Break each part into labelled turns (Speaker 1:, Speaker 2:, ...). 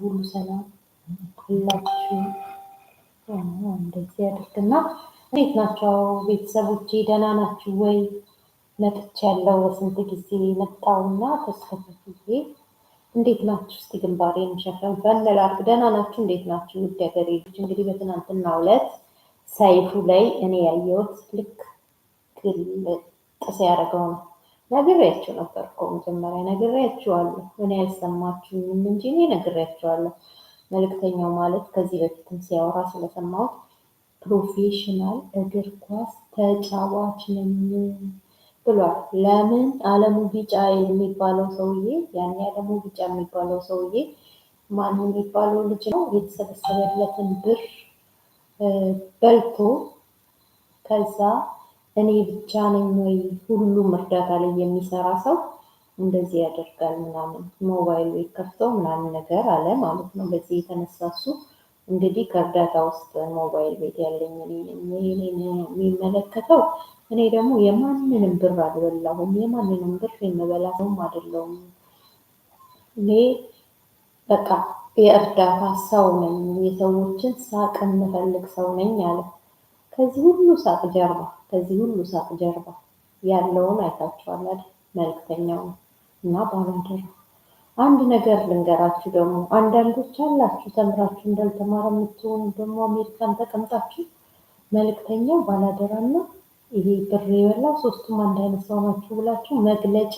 Speaker 1: ቤታችሁ ሁሉ ሰላም ሁላችሁ እንደዚህ ያድርግና፣ እንዴት ናቸው ቤተሰቦቼ? ደህና ናችሁ ወይ? መጥቼ ያለው በስንት ጊዜ መጣውና ተስተካክዬ እንዴት ናችሁ? እስቲ ግንባሬን ሸፈን ፈንላርግ። ደህና ናችሁ? እንዴት ናችሁ? ውድ ሀገሬ ልጅ እንግዲህ በትናንትናው ዕለት ሰይፉ ላይ እኔ ያየሁት ልክ ግልጥ ሲያደርገው ነው ነግሬያችሁ ነበር እኮ መጀመሪያ ነግሬያችኋለሁ። እኔ አልሰማችሁኝም እንጂ እኔ ነግሬያችኋለሁ። መልእክተኛው ማለት ከዚህ በፊትም ሲያወራ ስለሰማሁት ፕሮፌሽናል እግር ኳስ ተጫዋች ነኝ ብሏል። ለምን አለሙ ቢጫ የሚባለው ሰውዬ ያኔ አለሙ ቢጫ የሚባለው ሰውዬ ማን የሚባለው ልጅ ነው የተሰበሰበለትን ብር በልቶ ከዛ እኔ ብቻ ነኝ ወይ ሁሉም እርዳታ ላይ የሚሰራ ሰው እንደዚህ ያደርጋል ምናምን ሞባይል ቤት ከፍቶ ምናምን ነገር አለ ማለት ነው። በዚህ የተነሳ እሱ እንግዲህ ከእርዳታ ውስጥ ሞባይል ቤት ያለኝ የሚመለከተው እኔ ደግሞ የማንንም ብር አልበላሁም፣ የማንንም ብር የምበላ ሰውም አይደለሁም። እኔ በቃ የእርዳታ ሰው ነኝ፣ የሰዎችን ሳቅ የምፈልግ ሰው ነኝ አለ። ከዚህ ሁሉ ሳቅ ጀርባ ከዚህ ሁሉ ሳቅ ጀርባ ያለውን አይታችኋል አይደል? መልክተኛውን እና ባላደራው። አንድ ነገር ልንገራችሁ ደግሞ አንዳንዶች አላችሁ ተምራችሁ እንዳልተማረ የምትሆኑ ደግሞ አሜሪካን ተቀምጣችሁ መልክተኛው ባላደራና ይሄ ብር የበላው ሶስቱም አንድ አይነት ሰው ናችሁ ብላችሁ መግለጫ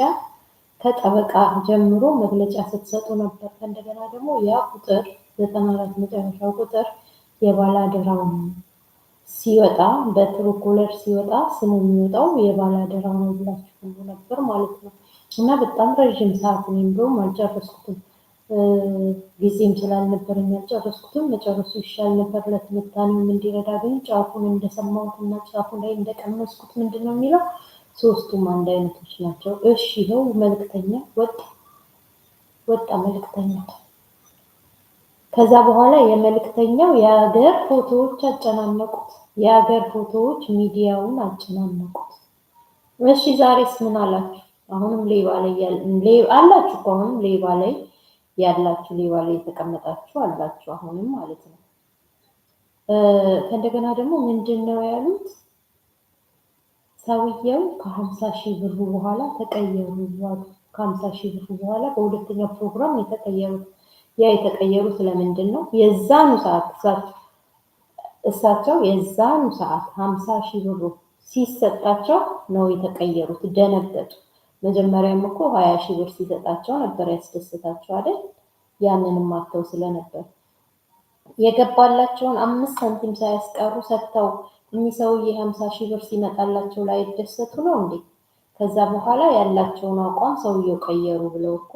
Speaker 1: ከጠበቃ ጀምሮ መግለጫ ስትሰጡ ነበር። እንደገና ደግሞ ያ ቁጥር ዘጠና አራት መጨረሻው ቁጥር የባላደራው ነው። ሲወጣ በጥሩ ኮለር ሲወጣ ስሙ የሚወጣው የባላደራ ነው ብላችሁ ነበር ማለት ነው። እና በጣም ረዥም ሰዓት ነው እንደውም አልጨረስኩትም፣ ጊዜም ስላልነበረኝ አልጨረስኩትም። መጨረሱ ይሻል ነበር ለትንታኔም እንዲረዳ። ግን ጫፉን እንደሰማሁት እና ጫፉ ላይ እንደቀመስኩት ምንድን ነው የሚለው ሶስቱም አንድ አይነቶች ናቸው። እሺ ነው መልክተኛ ወጣ ወጣ መልክተኛ ከዛ በኋላ የመልእክተኛው የሀገር ፎቶዎች አጨናነቁት። የሀገር ፎቶዎች ሚዲያውን አጨናነቁት። እሺ ዛሬስ ምን አላችሁ? አሁንም ሌባ ላይ አላችሁ እኮ አሁንም ሌባ ላይ ያላችሁ ሌባ ላይ የተቀመጣችሁ አላችሁ አሁንም ማለት ነው። ከእንደገና ደግሞ ምንድን ነው ያሉት? ሰውየው ከሀምሳ ሺህ ብሩ በኋላ ተቀየሩ። ከሀምሳ ሺህ ብሩ በኋላ በሁለተኛው ፕሮግራም የተቀየሩት ያ የተቀየሩ ስለምንድን ነው? የዛኑ ሰዓት እሳቸው የዛኑ ሰዓት ሀምሳ ሺህ ብሩ ሲሰጣቸው ነው የተቀየሩት። ደነገጡ። መጀመሪያም እኮ ሀያ ሺህ ብር ሲሰጣቸው ነበር ያስደስታቸው አይደል? ያንንም አተው ስለነበር የገባላቸውን አምስት ሳንቲም ሳያስቀሩ ሰጥተው እኚህ ሰውዬ ሀምሳ ሺህ ብር ሲመጣላቸው ላይ ደሰቱ ነው እንዴ? ከዛ በኋላ ያላቸውን አቋም ሰውየው ቀየሩ ብለው እኮ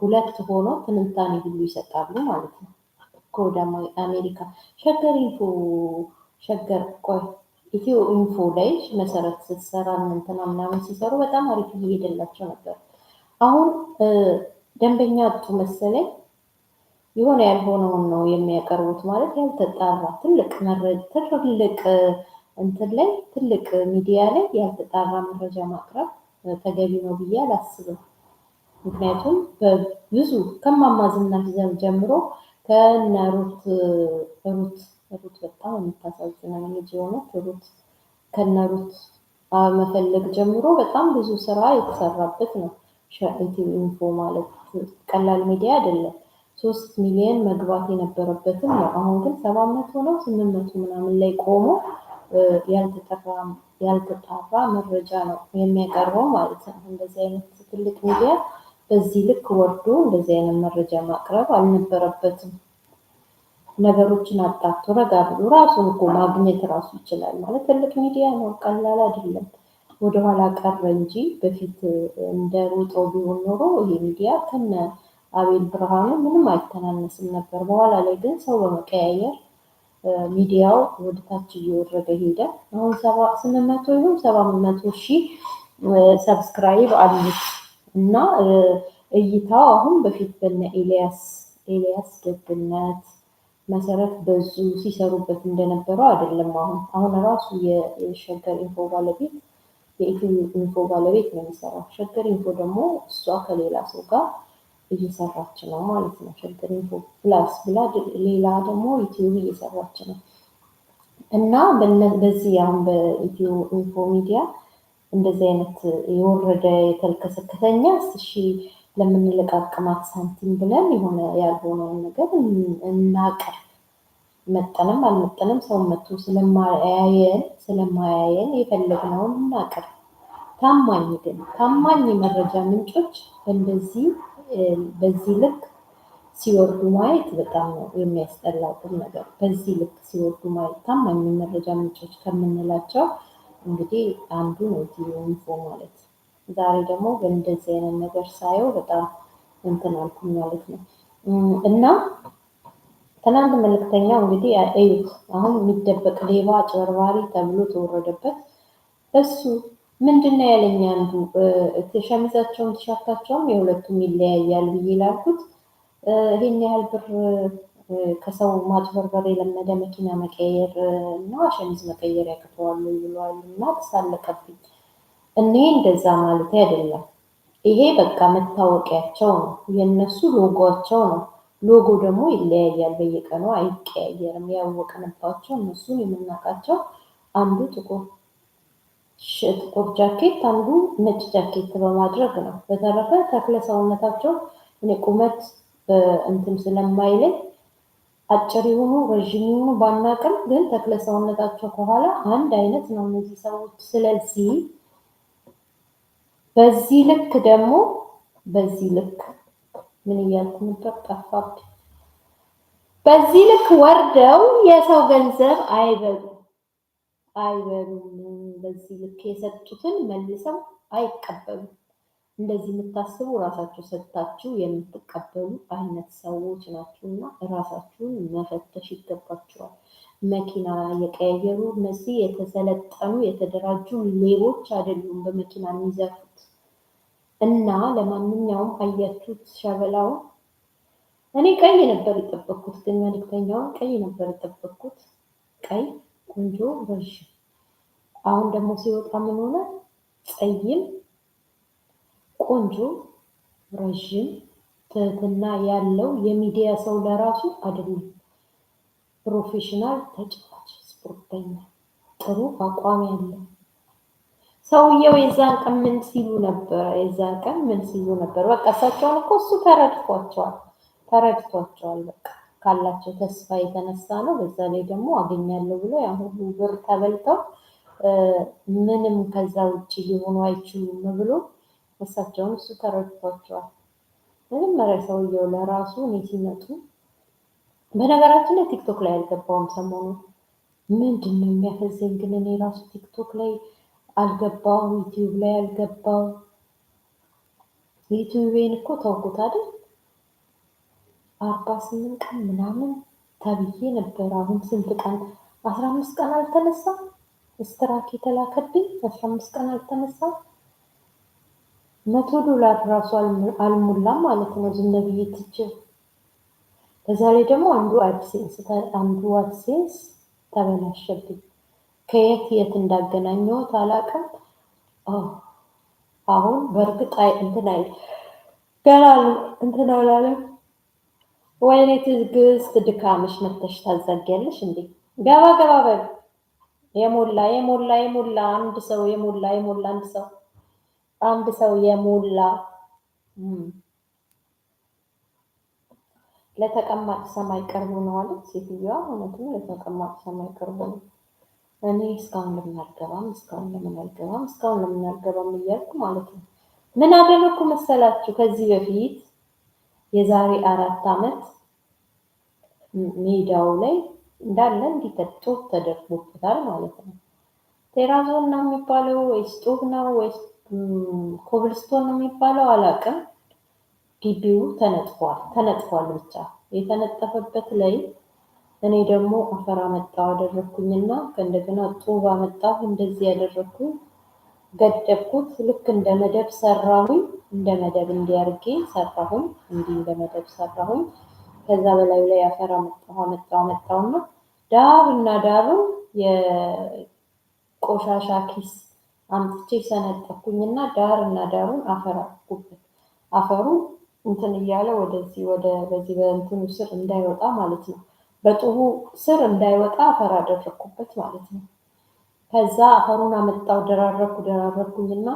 Speaker 1: ሁለት ሆኖ ትንታኔ ሁሉ ይሰጣሉ ማለት ነው። ከወደ አሜሪካ ሸገር ኢንፎ ሸገር ቆይ ኢትዮ ኢንፎ ላይ መሰረት ስትሰራ እንትና ምናምን ሲሰሩ በጣም አሪፍ እየሄደላቸው ነበር። አሁን ደንበኛ አጡ መሰለኝ። የሆነ ያልሆነውን ነው የሚያቀርቡት። ማለት ያልተጣራ ትልቅ ትልቅ እንትን ላይ ትልቅ ሚዲያ ላይ ያልተጣራ መረጃ ማቅረብ ተገቢ ነው ብዬ አላስብም። ምክንያቱም በብዙ ከማማ ዝናሽ ዘንድ ጀምሮ ከነ ሩት ሩት ሩት በጣም የምታሳዝነው ልጅ የሆነች ሩት ከነ ሩት መፈለግ ጀምሮ በጣም ብዙ ስራ የተሰራበት ነው። ኢቲቪ ኢንፎ ማለት ቀላል ሚዲያ አይደለም። ሶስት ሚሊዮን መግባት የነበረበትም ነው። አሁን ግን ሰባ መቶ ነው ስምንት መቶ ምናምን ላይ ቆሞ ያልተጠራ መረጃ ነው የሚያቀርበው ማለት ነው። እንደዚህ አይነት ትልቅ ሚዲያ በዚህ ልክ ወርዶ እንደዚህ አይነት መረጃ ማቅረብ አልነበረበትም። ነገሮችን አጣቶ ረጋ ብሎ ራሱ እኮ ማግኘት ራሱ ይችላል ማለት ትልቅ ሚዲያ ነው፣ ቀላል አይደለም። ወደኋላ ቀረ እንጂ በፊት እንደ ሮጦ ቢሆን ኖሮ ይሄ ሚዲያ ከነ አቤል ብርሃኑ ምንም አይተናነስም ነበር። በኋላ ላይ ግን ሰው በመቀያየር ሚዲያው ወደታች እየወረደ ሄደ። አሁን ስምንት መቶ ይሁን ሰባ መቶ ሺህ ሰብስክራይብ አሉት። እና እይታው አሁን በፊት በነ ኤልያስ ኤልያስ ደግነት መሰረት በዙ ሲሰሩበት እንደነበረው አይደለም። አሁን አሁን ራሱ የሸገር ኢንፎ ባለቤት የኢትዮ ኢንፎ ባለቤት ነው የሚሰራው። ሸገር ኢንፎ ደግሞ እሷ ከሌላ ሰው ጋር እየሰራች ነው ማለት ነው። ሸገር ኢንፎ ፕላስ ብላ ሌላ ደግሞ ኢትዮ እየሰራች ነው እና በዚህ አሁን በኢትዮ ኢንፎ ሚዲያ እንደዚህ አይነት የወረደ የተልከሰከሰኛ እሺ ለምንለቃቅማት ሳንቲም ብለን የሆነ ያልሆነውን ነገር እናቅር። መጠንም አልመጠንም ሰው መቶ ስለማያየን ስለማያየን የፈለግነውን እናቅር። ታማኝ ግን ታማኝ የመረጃ ምንጮች እንደዚህ በዚህ ልክ ሲወርዱ ማየት በጣም ነው የሚያስጠላው ነገር። በዚህ ልክ ሲወርዱ ማየት ታማኝ መረጃ ምንጮች ከምንላቸው እንግዲህ አንዱ ነው ቲቪ ማለት። ዛሬ ደግሞ በእንደዚህ አይነት ነገር ሳየው በጣም እንትን አልኩኝ ማለት ነው። እና ትናንት መልክተኛው እንግዲህ እዩት፣ አሁን የሚደበቅ ሌባ ጭበርባሪ ተብሎ ተወረደበት። እሱ ምንድነው ያለኝ አንዱ ሸሚዛቸውም ቲሸርታቸውም የሁለቱም ይለያያል ብዬ ላልኩት ይህን ያህል ብር ከሰው ማጭበርበር የለመደ መኪና መቀየር እና ሸሚዝ መቀየር ያቅተዋል ብለዋል እና ተሳለቀብኝ። እኔ እንደዛ ማለት አይደለም። ይሄ በቃ መታወቂያቸው ነው፣ የነሱ ሎጎቸው ነው። ሎጎ ደግሞ ይለያያል፣ በየቀኑ አይቀያየርም። ያወቅንባቸው እነሱን የምናውቃቸው አንዱ ጥቁር ጥቁር ጃኬት አንዱ ነጭ ጃኬት በማድረግ ነው። በተረፈ ተክለ ሰውነታቸው እኔ ቁመት እንትን ስለማይለኝ አጭር የሆኑ ረዥም የሆኑ ባናቅም ግን ተክለ ሰውነታቸው ከኋላ አንድ አይነት ነው እነዚህ ሰዎች። ስለዚህ በዚህ ልክ ደግሞ በዚህ ልክ ምን እያልኩ ነበር? ጠፋብኝ። በዚህ ልክ ወርደው የሰው ገንዘብ አይበሉ አይበሉም። በዚህ ልክ የሰጡትን መልሰው አይቀበሉም። እንደዚህ የምታስቡ ራሳችሁ ሰጥታችሁ የምትቀበሉ አይነት ሰዎች ናችሁ እና ራሳችሁን መፈተሽ ይገባችኋል። መኪና የቀያየሩ እነዚህ የተሰለጠኑ የተደራጁ ሌቦች አይደሉም በመኪና የሚዘርፉት። እና ለማንኛውም አያችሁት ሸበላውን። እኔ ቀይ ነበር የጠበኩት ግን መልክተኛውን ቀይ ነበር የጠበኩት ቀይ ቆንጆ፣ ረዥም። አሁን ደግሞ ሲወጣ ምን ሆነ? ፀይም ቆንጆ፣ ረዥም፣ ትህትና ያለው የሚዲያ ሰው ለራሱ አይደለም ፕሮፌሽናል ተጫዋች ስፖርተኛ ጥሩ አቋም ያለው ሰውየው የዛን ቀን ምን ሲሉ ነበር? የዛን ቀን ምን ሲሉ ነበር? በቃ እሳቸውን እኮ እሱ ተረድቷቸዋል፣ ተረድቷቸዋል። በቃ ካላቸው ተስፋ የተነሳ ነው። በዛ ላይ ደግሞ አገኛለሁ ብሎ ያ ሁሉ ብር ተበልተው ምንም ከዛ ውጭ ሊሆኑ አይችሉም ብሎ እሳቸውን እሱ ተረድቷቸዋል። መጀመሪያ ሰውየው ለራሱ እኔ ሲመጡ በነገራችን ላይ ቲክቶክ ላይ አልገባውም። ሰሞኑ ምንድን ነው የሚያፈዘኝ ግን እኔ ራሱ ቲክቶክ ላይ አልገባው፣ ዩቲዩብ ላይ አልገባው። ዩቲዩቤን እኮ ተውኩት አይደል አርባ ስምንት ቀን ምናምን ተብዬ ነበር። አሁን ስንት ቀን አስራ አምስት ቀን አልተነሳ ስትራክ የተላከብኝ አስራ አምስት ቀን አልተነሳ መቶ ዶላር ራሱ አልሞላም ማለት ነው። ዝም ብዬ ትቼ በዛ ላይ ደግሞ አንዱ አድሴንስ አንዱ አድሴንስ ተበላሸብኝ። ከየት የት እንዳገናኘሁት አላውቅም። አሁን በእርግጥ እንትን አይ ገና እንትን አላለም። ወይኔ ትዕግስት ድካምሽ መተሽ ታዘጊያለሽ እንዴ! ገባ ገባ በል የሞላ የሞላ የሞላ አንድ ሰው የሞላ የሞላ አንድ ሰው አንድ ሰው የሞላ ለተቀማጭ ሰማይ ቅርቡ ነው አለች ሴትዮዋ። እውነትም ለተቀማጭ ሰማይ ቅርቡ ነው። እኔ እስካሁን ለምን አልገባም፣ እስካሁን ለምን አልገባም፣ እስካሁን ለምን አልገባም እያልኩ ማለት ነው። ምን አደረኩ መሰላችሁ? ከዚህ በፊት የዛሬ አራት ዓመት ሜዳው ላይ እንዳለ እንዲጠጡ ተደርጎበታል ማለት ነው። ቴራዞ ነው የሚባለው ወይስ ጡብ ነው ወይስ ኮብልስቶን የሚባለው አላውቅም። ግቢው ተነጥፏል ተነጥፏል ብቻ የተነጠፈበት ላይ እኔ ደግሞ አፈር አመጣው አደረግኩኝና ከእንደገና ጡብ አመጣሁ እንደዚህ ያደረግኩ ገደብኩት። ልክ እንደ መደብ ሰራሁኝ። እንደ መደብ እንዲያርጌ ሰራሁኝ። እንዲህ እንደ መደብ ሰራሁኝ። ከዛ በላዩ ላይ አፈር አመጣሁ አመጣሁ አመጣሁና ዳር እና ዳሩ የቆሻሻ ኪስ አምጥቼ ሰነጠኩኝና ዳር እና ዳሩን አፈር አደረኩበት። አፈሩ እንትን እያለ ወደዚህ ወደ በዚህ በእንትኑ ስር እንዳይወጣ ማለት ነው። በጥሁ ስር እንዳይወጣ አፈር አደረግኩበት ማለት ነው። ከዛ አፈሩን አመጣው ደራረኩ ደራረኩኝና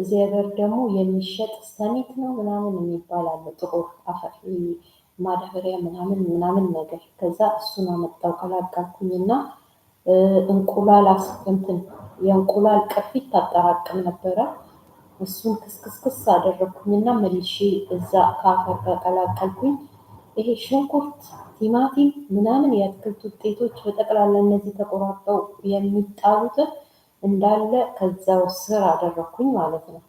Speaker 1: እዚህ ደግሞ የሚሸጥ ስተኒት ነው ምናምን የሚባል አለ። ጥቁር አፈር ማዳበሪያ ምናምን ምናምን ነገር ከዛ እሱን አመጣው ቀላቀልኩኝና እንቁላል እንትን የእንቁላል ቅርፊት ታጠራቅም ነበረ። እሱን ክስክስክስ አደረግኩኝና መልሼ እዛ ከአፈር ቀላቀልኩኝ። ይሄ ሽንኩርት፣ ቲማቲም ምናምን የአትክልት ውጤቶች በጠቅላላ እነዚህ ተቆራርጠው የሚጣሉትን እንዳለ ከዛው ስር አደረግኩኝ ማለት ነው።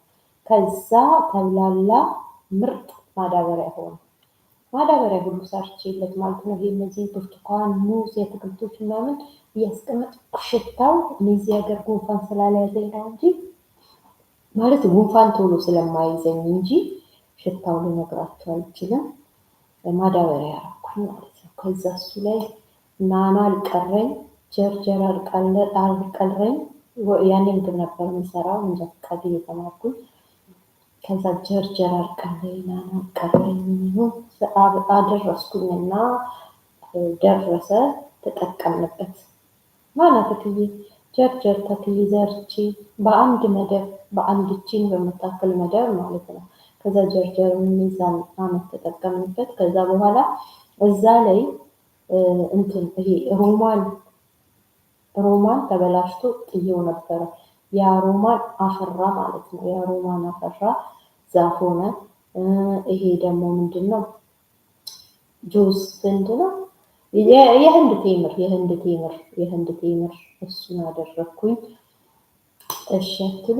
Speaker 1: ከዛ ተብላላ ምርጥ ማዳበሪያ ሆነ። ማዳበሪያ ሁሉ ሰርቼለት ማለት ነው። ይሄ እነዚህ ብርቱካን፣ ሙዝ፣ የአትክልቶች ምናምን እያስቀመጥ ሽታው እኔ እዚህ ሀገር ጉንፋን ስላለያዘኝ ነው እንጂ ማለት ጉንፋን ቶሎ ስለማይዘኝ እንጂ ሽታው ልነግራቸው አልችልም። ማዳበሪያ ያረኩኝ ማለት ነው። ከዛ እሱ ላይ ናና አልቀረኝ፣ ጀርጀር አልቀረኝ። ያኔ ምግብ ነበር የምሰራው እንጀራ ፍቃድ እየተማርኩኝ። ከዛ ጀርጀር አልቀረኝ፣ ናና አልቀረኝ። አደረስኩኝና ደረሰ፣ ተጠቀምንበት። ማለት እትዬ ጀርጀር ተክል ዘርቺ በአንድ መደብ በአንድ እጅን በምታክል መደብ ማለት ነው። ከዛ ጀርጀር ሚዛን አመት ተጠቀምንበት። ከዛ በኋላ እዛ ላይ እንትን ይሄ ሮማን ሮማን ተበላሽቶ ጥየው ነበረ። ያ ሮማን አፈራ ማለት ነው። ያ ሮማን አፈራ ዛፍ ሆነ። ይሄ ደግሞ ምንድን ነው? ጁስ ስንድ ነው የህንድ ቴምር የህንድ ቴምር የህንድ ቴምር እሱን አደረግኩኝ። እሺ አትሉ።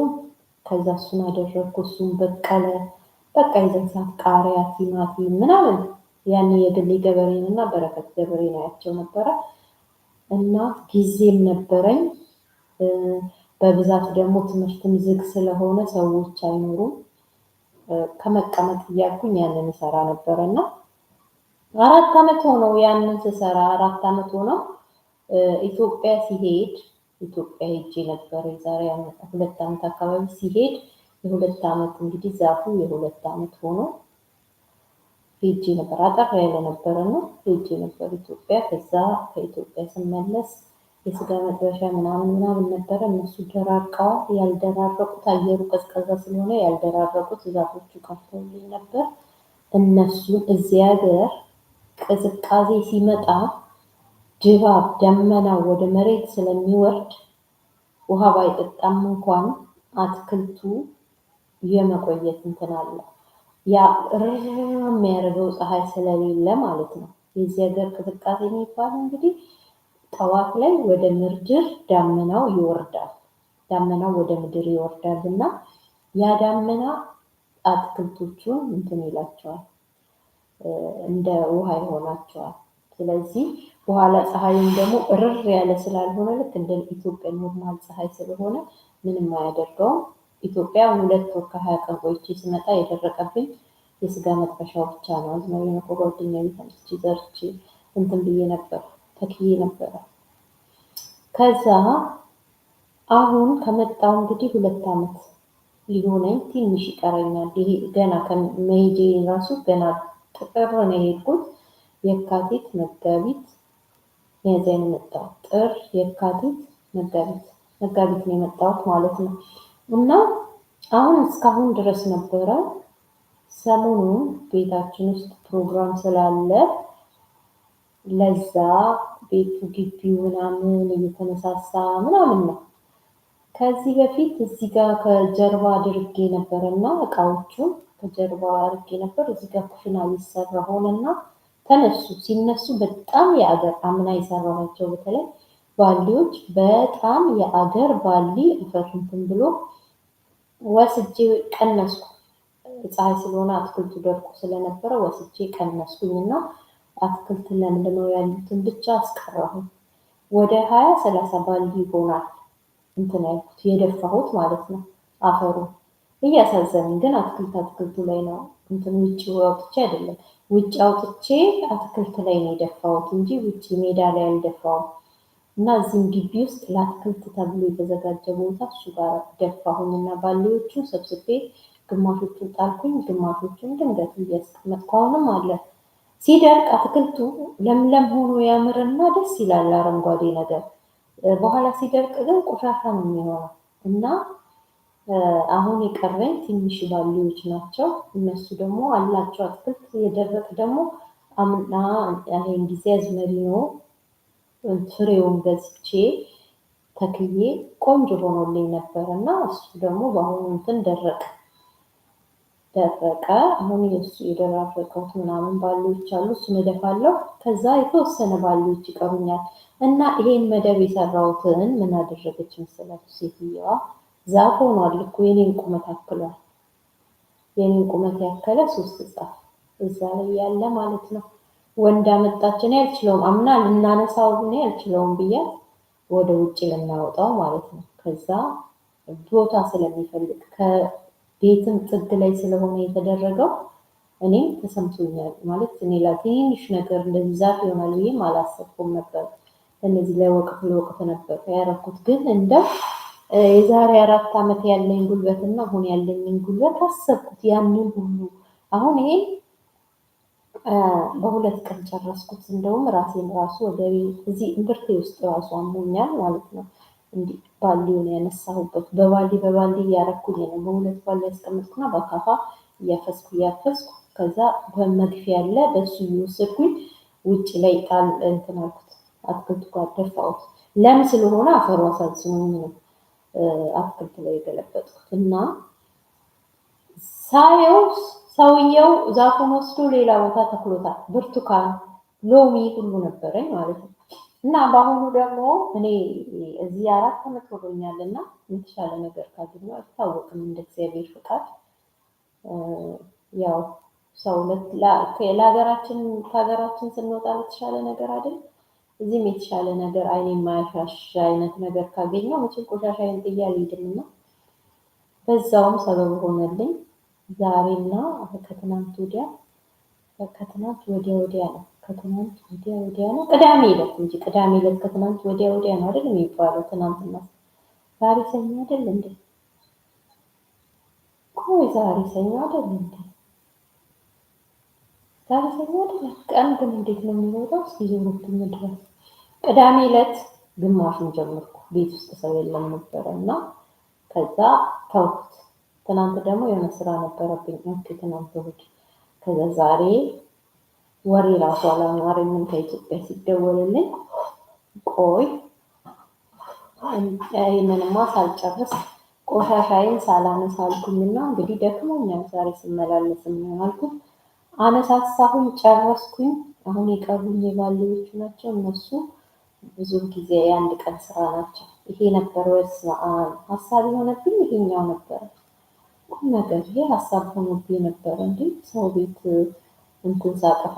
Speaker 1: ከዛ እሱን አደረግኩ። እሱን በቀለ በቃ የዛን ሰዓት ቃሪያ፣ ቲማቲም ምናምን ያኔ የድሌ ገበሬን እና በረከት ገበሬን አያቸው ነበረ እና ጊዜም ነበረኝ። በብዛት ደግሞ ትምህርትም ዝግ ስለሆነ ሰዎች አይኖሩም። ከመቀመጥ እያልኩኝ ያንን ይሰራ ነበረ እና አራት አመት ሆነው ያንን ስሰራ አራት አመት ሆነው ኢትዮጵያ ሲሄድ ኢትዮጵያ ሄጄ ነበር። የዛሬ ሁለት አመት አካባቢ ሲሄድ የሁለት አመት እንግዲህ ዛፉ የሁለት አመት ሆኖ ሄጄ ነበር። አጠር ያለ ነበረ ነው ሄጄ ነበር ኢትዮጵያ። ከዛ ከኢትዮጵያ ስመለስ የስጋ መጥበሻ ምናምን ምናምን ነበረ። እነሱ ደራርቀዋል። ያልደራረቁት አየሩ ቀዝቀዛ ስለሆነ ያልደራረቁት ዛፎቹ ከፍተውልኝ ነበር እነሱን እዚያ ሀገር ቅዝቃዜ ሲመጣ ድባብ ደመናው ወደ መሬት ስለሚወርድ ውሃ ባይጠጣም እንኳን አትክልቱ የመቆየት እንትን አለ። ያ ርር የሚያደርገው ፀሐይ ስለሌለ ማለት ነው። የዚህ ሀገር ቅዝቃዜ የሚባል እንግዲህ ጠዋት ላይ ወደ ምድር ዳመናው ይወርዳል። ዳመናው ወደ ምድር ይወርዳል እና ያ ዳመና አትክልቶቹን እንትን ይላቸዋል። እንደ ውሃ ይሆናቸዋል። ስለዚህ በኋላ ፀሐይም ደግሞ እርር ያለ ስላልሆነ ልክ እንደ ኢትዮጵያ ኖርማል ፀሐይ ስለሆነ ምንም አያደርገውም። ኢትዮጵያ ሁለት ወር ከሀያ ቀን ቆይቼ ስመጣ የደረቀብኝ የስጋ መጥበሻው ብቻ ነው። አዝማሪ ነው ከጓደኛ ተምጥቼ ዘርቼ እንትን ብዬ ነበር ተክዬ ነበረ። ከዛ አሁን ከመጣው እንግዲህ ሁለት ዓመት ሊሆነኝ ትንሽ ይቀረኛል። ይሄ ገና ከመሄጄ ራሱ ገና ከቀረ ነው የሄድኩት። የካቲት፣ መጋቢት፣ ሚያዝያን የመጣሁት ጥር፣ የካቲት፣ መጋቢት መጋቢት ነው የመጣሁት ማለት ነው። እና አሁን እስካሁን ድረስ ነበረ። ሰሞኑን ቤታችን ውስጥ ፕሮግራም ስላለ ለዛ ቤቱ ግቢ ምናምን እየተነሳሳ ምናምን ነው። ከዚህ በፊት እዚህ ጋር ከጀርባ አድርጌ ነበረና እቃዎቹን ከጀርባ አርጌ ነበር። እዚህ ጋር ኩሽና የሚሰራውን እና ተነሱ ሲነሱ በጣም የአገር አምና የሰራኋቸው በተለይ ባሊዎች በጣም የአገር ባሊ እፈትንትን ብሎ ወስጄ ቀነስኩ። ፀሐይ ስለሆነ አትክልቱ ደርቆ ስለነበረ ወስጄ ቀነስኩኝ እና አትክልት ለምንድነው ያሉትን ብቻ አስቀረሁም። ወደ ሀያ ሰላሳ ባሊ ይሆናል እንትን ያልኩት የደፋሁት ማለት ነው አፈሩ እያሳዘነኝ ግን አትክልት አትክልቱ ላይ ነው እንትን ውጭ አውጥቼ አይደለም ውጭ አውጥቼ አትክልት ላይ ነው የደፋሁት እንጂ ውጭ ሜዳ ላይ አልደፋሁም። እና እዚህም ግቢ ውስጥ ለአትክልት ተብሎ የተዘጋጀ ቦታ እሱ ጋር ደፋሁኝ እና ባሌዎቹ ሰብስቤ ግማሾቹን ጣልኩኝ፣ ግማሾቹን ድንገት እያስቀመጥኩ አሁንም አለ። ሲደርቅ አትክልቱ ለምለም ሆኖ ያምርና ደስ ይላል አረንጓዴ ነገር። በኋላ ሲደርቅ ግን ቆሻሻ ነው የሚሆነው እና አሁን የቀረኝ ትንሽ ባልዮች ናቸው። እነሱ ደግሞ አላቸው አትክልት የደረቅ ደግሞ አምና ይሄን ጊዜ አዝመሪ ነው ፍሬውን ገዝቼ ተክዬ ቆንጆ ሆኖልኝ ነበር እና እሱ ደግሞ በአሁኑ እንትን ደረቅ ደረቀ። አሁን የሱ የደራረቀውት ምናምን ባልዮች አሉ። እሱን እደፋለሁ። ከዛ የተወሰነ ባልዮች ይቀሩኛል እና ይሄን መደብ የሰራሁትን ምን አደረገች መሰላችሁ ሴትየዋ? ዛፍ ሆኗል እኮ የኔን ቁመት አክሏል። የኔን ቁመት ያከለ ሶስት ዛፍ እዛ ላይ ያለ ማለት ነው። ወንድ አመጣች። እኔ አልችለውም፣ አምና ልናነሳው እኔ አልችለውም ብያት ወደ ውጭ ልናወጣው ማለት ነው። ከዛ ቦታ ስለሚፈልግ ከቤትም ጥግ ላይ ስለሆነ የተደረገው እኔም ተሰምቶኛል ማለት እኔ ላትንሽ ነገር እንደዚህ ዛፍ ይሆናል ብዬም አላሰብኩም ነበር። እነዚህ ላይ ወቅፍ ለወቅፍ ነበር ያረኩት ግን እንደ የዛሬ አራት ዓመት ያለኝ ጉልበት እና አሁን ያለኝን ጉልበት አሰብኩት። ያንን ሁሉ አሁን ይሄን በሁለት ቀን ጨረስኩት። እንደውም ራሴን ራሱ ወደ እዚህ እምብርቴ ውስጥ ራሱ አሞኛል ማለት ነው። እንዲህ ባሊውን ያነሳሁበት በባሊ በባሊ እያረኩኝ ነው። በሁለት ባሊ ያስቀመጥኩና በካፋ እያፈስኩ እያፈስኩ ከዛ በመግፊያ ያለ በሱ እየወሰድኩኝ ውጭ ላይ ጣል እንትን አልኩት። አትክልት ጋር ደፋሁት። ለም ስለሆነ አፈሩ አሳዝኖኝ ነው አትክልት ላይ የገለበጥኩት እና ሳየው ሰውየው ዛፉን ወስዶ ሌላ ቦታ ተክሎታል። ብርቱካን፣ ሎሚ ሁሉ ነበረኝ ማለት ነው። እና በአሁኑ ደግሞ እኔ እዚህ አራት ዓመት ሆኖኛል እና የተሻለ ነገር ካገኘሁ አይታወቅም እንደ እግዚአብሔር ፍቃድ ያው ሰው ለሀገራችን ከሀገራችን ስንወጣ ለተሻለ ነገር አይደል እዚህም የተሻለ ነገር አይን የማያሻሽ አይነት ነገር ካገኘው መቼም ቆሻሻ አይነት እያልሄድም እና በዛውም ሰበብ ሆነልኝ። ዛሬና ከትናንት ወዲያ ከትናንት ወዲያ ወዲያ ነው ከትናንት ወዲያ ወዲያ ነው ቅዳሜ ዕለት እንጂ ቅዳሜ ዕለት ከትናንት ወዲያ ወዲያ ነው አይደል የሚባለው? ትናንትና ዛሬ ሰኞ አይደል እንዴ? ቆይ ዛሬ ሰኞ አይደል እንዴ? ሰራተኛ አይደለም። ቀን ግን እንዴት ነው የሚወጣው? የሚሮጠው? እስኪዞርብኝ ድረስ ቅዳሜ ዕለት ግማሹን ጀመርኩ። ቤት ውስጥ ሰው የለም ነበረ እና ከዛ ተውኩት። ትናንት ደግሞ የሆነ ስራ ነበረብኝ ኦኬ ትናንት እሑድ። ከዛ ዛሬ ወሬ ራሱ አላማረኝም። ከኢትዮጵያ ሲደወልልኝ ቆይ ይህንንማ ሳልጨርስ ቆሻሻዬን ሳላነሳ አልኩኝና እንግዲህ ደክሞኛል ዛሬ ስመላለስ የሚሆን አልኩት። አነሳሳሁኝ፣ ጨረስኩኝ። አሁን የቀሩኝ የባልዮቹ ናቸው። እነሱ ብዙም ጊዜ የአንድ ቀን ስራ ናቸው። ይሄ ነበር ወስ ሀሳብ የሆነብኝ ይሄኛው ነበረ ቁም ነገር። ይሄ ሀሳብ ሆኖብኝ ነበረ እንዲ ሰው ቤት እንትን ሳጠፋ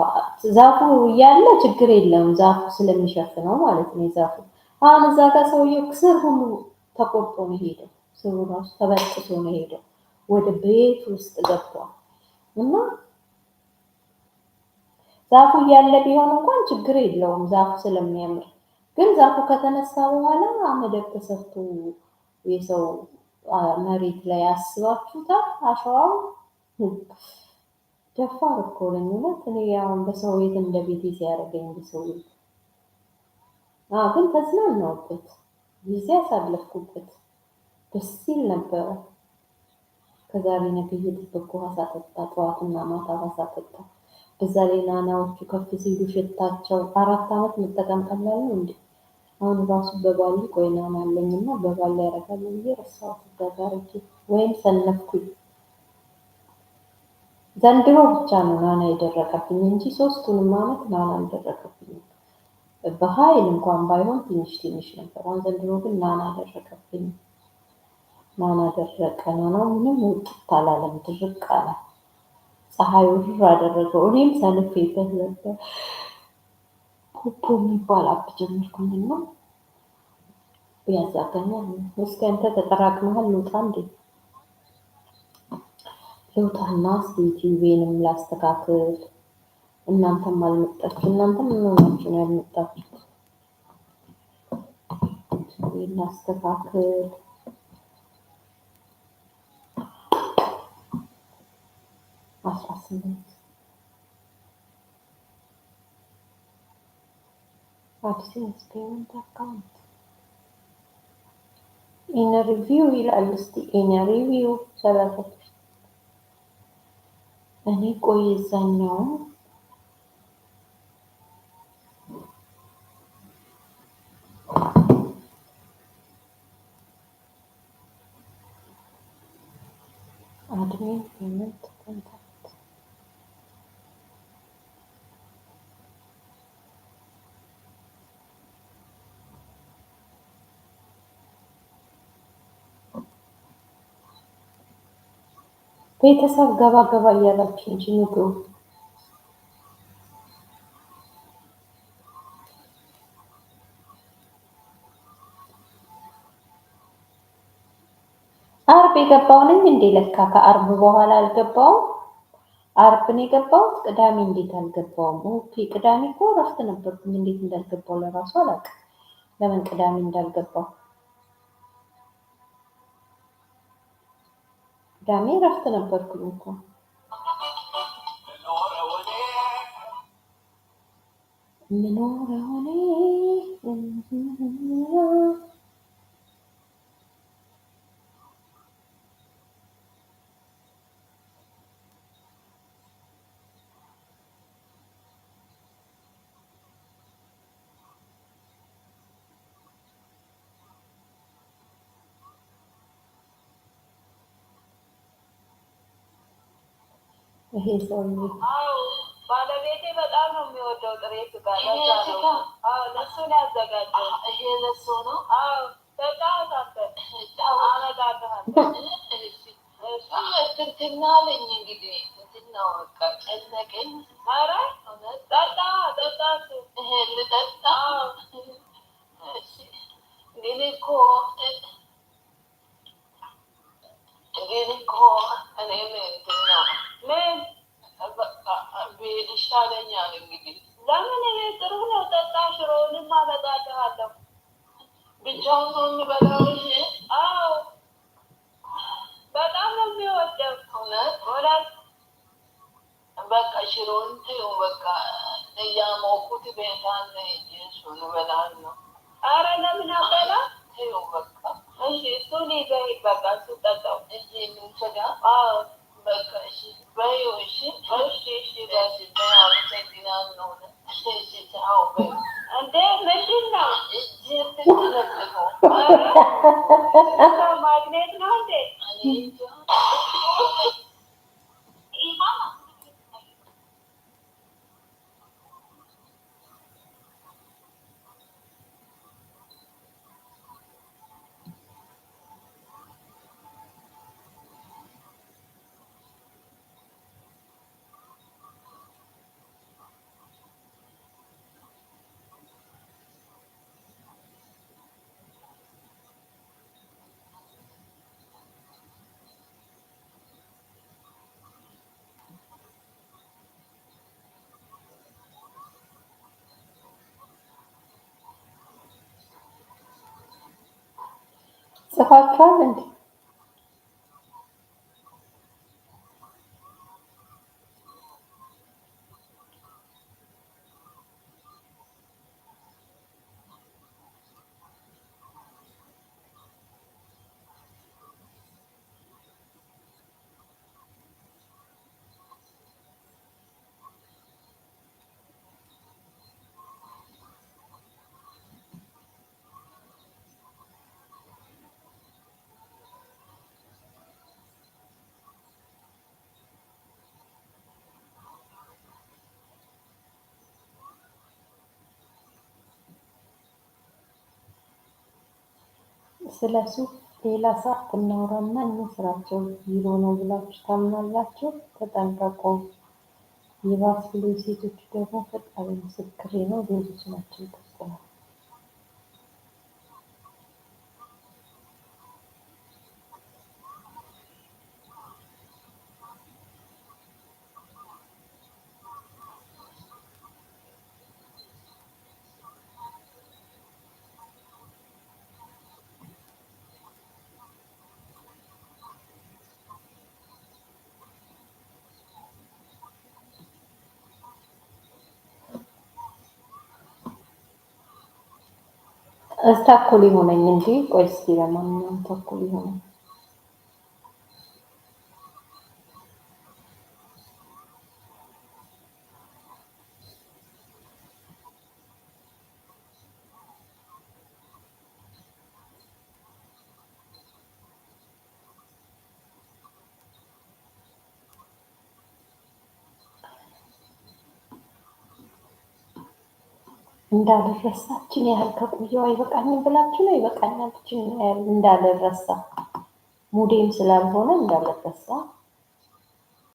Speaker 1: ዛፉ እያለ ችግር የለም ዛፉ ስለሚሸፍነው ማለት ነው። ዛፉ አሁን እዛ ጋር ሰውየው ስር ሁሉ ተቆርጦ ነው ሄደው፣ ስሩ ራሱ ተበጥሶ ነው ሄደው፣ ወደ ቤት ውስጥ ገብቷል እና ዛፉ እያለ ቢሆን እንኳን ችግር የለውም ዛፉ ስለሚያምር። ግን ዛፉ ከተነሳ በኋላ አመደብ ተሰርቶ የሰው መሬት ላይ አስባችሁታል? አሸዋው ደፋር እኮ ነኝ እውነት። እኔ አሁን በሰው ቤት እንደ ቤቴ ሲያደርገኝ በሰው ቤት ግን ተዝናናውበት፣ ጊዜ አሳለፍኩበት፣ ደስ ይል ነበረ። ከዛሬ ነገ እየጠበቅኩ ውሃ ጠጣ፣ ጠዋትና ማታ ውሃ ጠጣ። እዛ ላይ ናናዎቹ ከፍ ሲሉ ሽታቸው አራት ዓመት መጠቀም ቀላል ነው እንዴ? አሁን ራሱ በባል ቆይ ናና አለኝና በባል ላይ ያደርጋለሁ ብዬ ረሳው ጋጋርጅ ወይም ሰነፍኩኝ። ዘንድሮ ብቻ ነው ናና የደረቀብኝ እንጂ ሶስቱንም አመት ናና አልደረቀብኝም። በሀይል እንኳን ባይሆን ትንሽ ትንሽ ነበር። አሁን ዘንድሮ ግን ናና ደረቀብኝ። ናና ደረቀ። ናና ምንም ውጥት አላለም፣ ድርቅ አለ። ፀሐዩ ር አደረገው። እኔም ሰልፌበት ነበር። ፖፖ የሚባል አፕ ጀመርኩኝና ያዛገኛል። እስኪ አንተ ተጠራቅመሃል፣ ልውጣ እንዴ ልውጣና እስኪ ላስተካክል። እናንተም አልመጣችሁ፣ እናንተም ምንሆናችሁ ነው ያልመጣችሁት? ላስተካክል አስራ ስምንት አድሴንስ ፔመንት አካውንት ኢነርቪው ይላል። እስቲ ኢነርቪው ሰላሳ እኔ ቆይ የዛኛውን ቤተሰብ ገባ ገባ እያላችሁ እንጂ ምግቡ አርብ ነኝ እንዴ ለካ ከአርብ በኋላ አልገባውም። አርብን የገባውት ቅዳሜ እንዴት አልገባውም? ኦኬ ቅዳሜ እኮ እረፍት ነበርኩም። እንዴት እንዳልገባው ለራሱ አላውቅም፣ ለምን ቅዳሜ እንዳልገባው ዳሜ እረፍት ነበርኩኝ እኮ ምኖረ ይሄ ሰውዬ
Speaker 2: ባለቤቴ በጣም ነው የሚወደው ጥሬ ስጋ። ለሱን ያዘጋጀው
Speaker 3: ይሄ ለሱ ነው። ጠጣ እኮ እኔም ምን ይሻለኛል። እንግዲህ
Speaker 2: ለምን እኔ ጥሩ ነው ጠጣ ሽሮውንም አመጣልሃለሁ።
Speaker 3: ብቻውን ነው የምበላው።
Speaker 2: አዎ በጣም ነው የሚወደው
Speaker 3: እውነት ወላሂ። በቃ ሽሮውን ትይው በቃ እያሞቁት ቤታን እሱን እበላለሁ።
Speaker 2: አረ ለምን አበላ
Speaker 3: ትይው በቃ እሺ እሱ እኔ ጋር ይበቃ እሱ ጠጣው። እሺ እንውሰዳ። አዎ በቃ እሺ በይው። እሺ እሺ እሺ ጋሽ አመሰግናለሁ ነው። እሺ እሺ ቻው።
Speaker 2: እንዴ ምንድን ነው
Speaker 3: እጅ ትለጥፈው?
Speaker 2: ማግኔት ነው እንዴ? a hard challenge.
Speaker 1: ስለ ሱፍ ሌላ ሰዓት እናውራና እንስራቸው ቢሮ ነው ብላችሁ ታምናላችሁ? ተጠንቀቁ። የባስ ብሎ ሴቶች ደግሞ ፈጣሪ ምስክሬ ነው፣ ሌሎች ናቸው። ግልጽ ተኩል ይሆነኝ እንጂ ቆይ እስኪ ለማንኛውም ተኩል ይሆነኝ እንዳልረሳችን ያህል ከቆየው አይበቃኝም ብላችሁ ነው። ይበቃኛል ብቻ እንዳልረሳ ሙዴም ስላልሆነ እንዳልረሳ